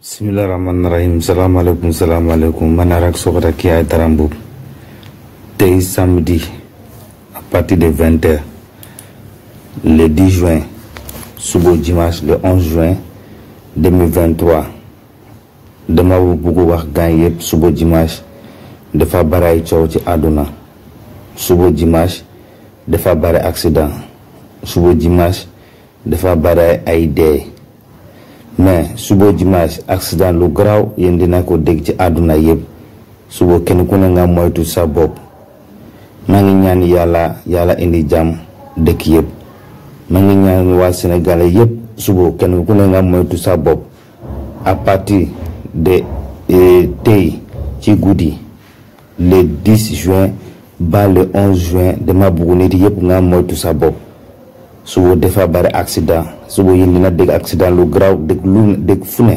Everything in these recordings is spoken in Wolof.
bisimilah rahmaani rahiim salaamaaleykum salaamaaleykum man Arak Soxna kii Aïdara Mboup tey samedi à partir de vingt heures le 10 juin suba dimanche le 11 juin 2023 dama bëgg wax gan yëpp suba dimanche dafa baray ay coow ci àdduna suba dimanche dafa bare accident suba dimanche dafa bare ay dee. mais suba dimanche accident lu garaaw yéen na ko dégg ci àdduna yëpp suba kenn ku ne nga moytu sa bopp maa ngi ñaan yàlla yàlla indi jàmm dëkk yëpp ma ngi ñaan waa Sénégal yëpp suba kenn ku ne nga moytu sa bop à partir de euh, tey ci guddi le 10 juin ba le juin dama bëgg nit yëpp nga moytu sa bopp. suba dafa bari accident suba yéen dina dégg accident lu garaaw dégg lu dégg fu ne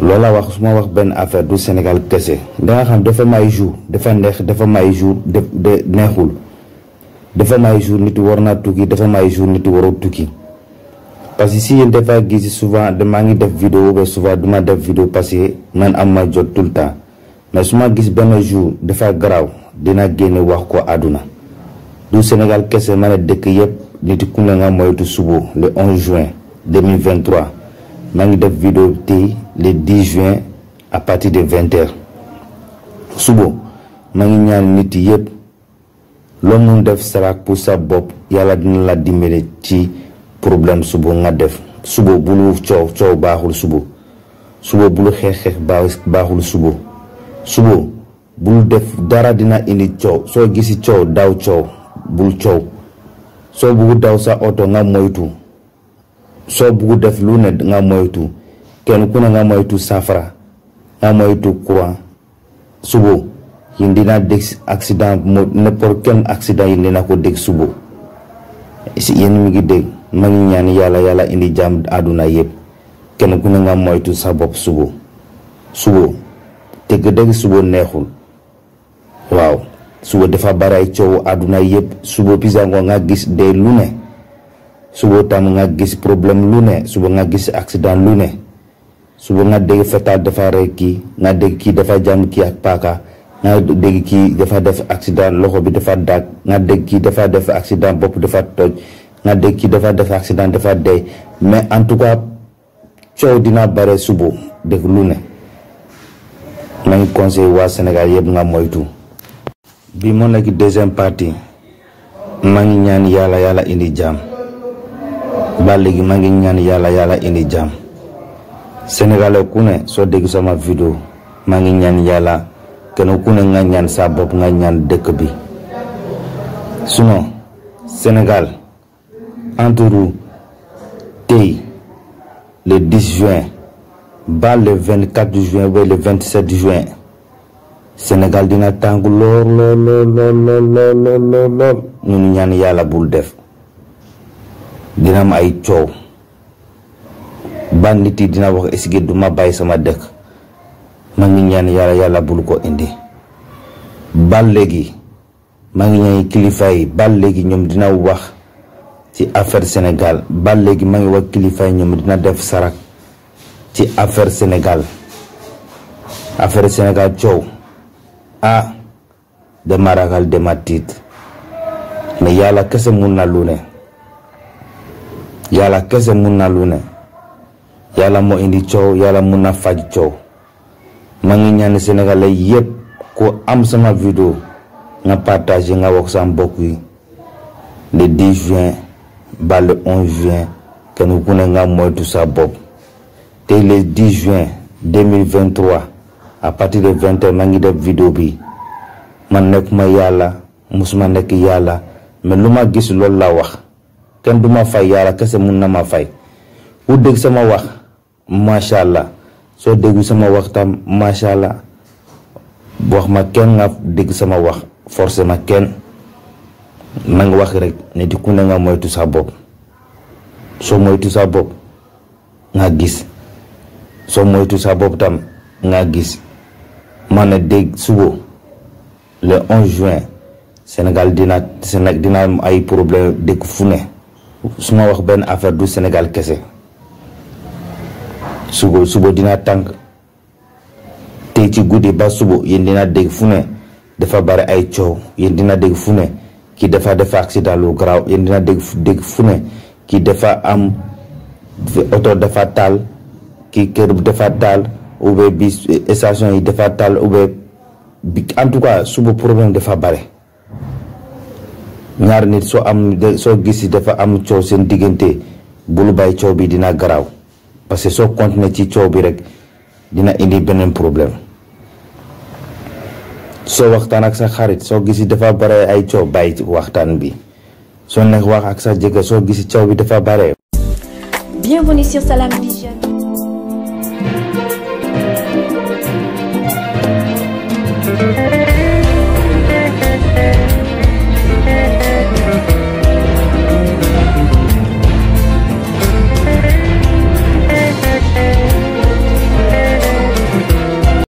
loola wax su ma wax benn affaire du Sénégal kese danga xam dafa may jour dafa neex dafa may jour de neexul dafa may jour nit war naa tukki dafa may jour nit waroo tukki parce que si dafa gis souvent damaa ngi def vidéo ba souvent duma def vidéo parce que man am ma jot tout le su ma gis benn jour dafa garaaw dina génne wax ko àdduna du Sénégal kese ma dëkk yëpp nit ku ne mooy moytu suba le 11 juin 2023 maa ngi def vidéo bi tey le juin à partir de 20 heures suba maa ngi ñaan nit yëpp loo def sarak pour sa bopp yàlla dina la dimbale ci problème suba nga def suba bulu coow coow baaxul suba suba bulu xeex-xeex baaxul suba suba bul def dara dina indi coow soo gisi coow daaw coow bul coow soo bugg daw sa oto nga moytu soo bugg def lu ne nga moytu kenn ku ne nga moytu safara nga moytu courant subo yin dina dégg accident mo n'importe quel accident yin dina ko dégg subo si yéen mi ngi dégg ma ngi ñaan yàlla yàlla indi jàmm àdduna yëpp kenn ku ne moytu sa bopp subo subo dëgg dëgg subo neexul waaw suba dafa baray coow àdduna yëpp suba pisango nga gis dee lu ne suba tam nga gis problème lu ne suba nga gis accident lu ne suba nga dégg fetal dafa rey kii nga dégg kii dafa jàmm ki ak paaka nga dégg dafa def accident loxo bi dafa daag nga dégg kii dafa def accident bopp dafa toj nga dégg dafa def accident dafa dee mais en tout cas dina bare suba def lu ne nañ conseil waa senegal yëpp nga moytu bi mu nekk deuxième partie maa ngi ñaan yàlla yàlla indi jàmm ba léegi ma ngi ñaan yàlla yàlla indi jàmm sénégalais ku soo dégg sama vidéo maa ngi ñaan yàlla kenn ku ne nga ñaan sa bopp nga ñaan dëkk bi sinon Sénégal entre tey le 10 juin ba le 24 juin ba le 27 juin. senegal dina tàng lool lool lool lool lool lool lool ñu ngi ñaan yàlla bul def dina am ay coow bandit yi dina wax est du ma bàyyi sama dëkk ma ngi ñaan yàlla yàlla bul ko indi ba léegi maa ngi ñaan kilifa yi ba léegi ñoom dina wax ci affaire senegal ba léegi maa ngi wax kilifa yi ñoom dina def sarak ci affaire senegal affaire senegal coow. ah dama ragal dama tiit mais yàlla kese mun na lu ne yàlla kese mun na lu ne yàlla moo indi coow yàlla mun na faj coow maa ngi ñaan sénégalais yépp ko am sama vidéo nga partager nga wax sa mbokk yi le juin ba le juin kenn ku ne nga moytu sa bopp te le juin à partir de vingt heures maa ngi def vidéo bi man nekk ma yàlla mosuma nekk yàlla mais lu ma gis loolu laa wax kenn du ma fay yàlla kese mun na ma fay ku dégg sama wax macha allah soo déggu sama wax tam macha allah wax ma kenn nga dégg sama wax forcé ma kenn na nga wax rek ne di ku ne nga moytu sa bopp soo moytu sa bopp nga gis soo moytu sa bopp tam nga gis ma ne dégg suba le juin Sénégal dina Sénégal dina ay problème dëkk fu ne wax benn affaire du Sénégal kese suba suba dina tànk tey ci guddi ba suba yéen dina dégg fu ne dafa bari ay coow yéen dina dégg fu ne ki dafa dafa accident lu garaaw yéen dina dégg dégg ki dafa am oto dafa taal ki kër dafa taal. ou bien bi eh, station yi dafa taal ou bi en tout cas suba problème dafa bare ñaar nit soo am soo gis dafa am coow seen diggante bul bay coow bi dina garaaw parce que soo continuer ci coow bi rek dina indi beneen problème soo waxtaan ak sa xarit soo gis dafa bare ay coow bàyyi waxtaan bi soo nekk wax ak sa jëkkër soo gis coow bi dafa bare.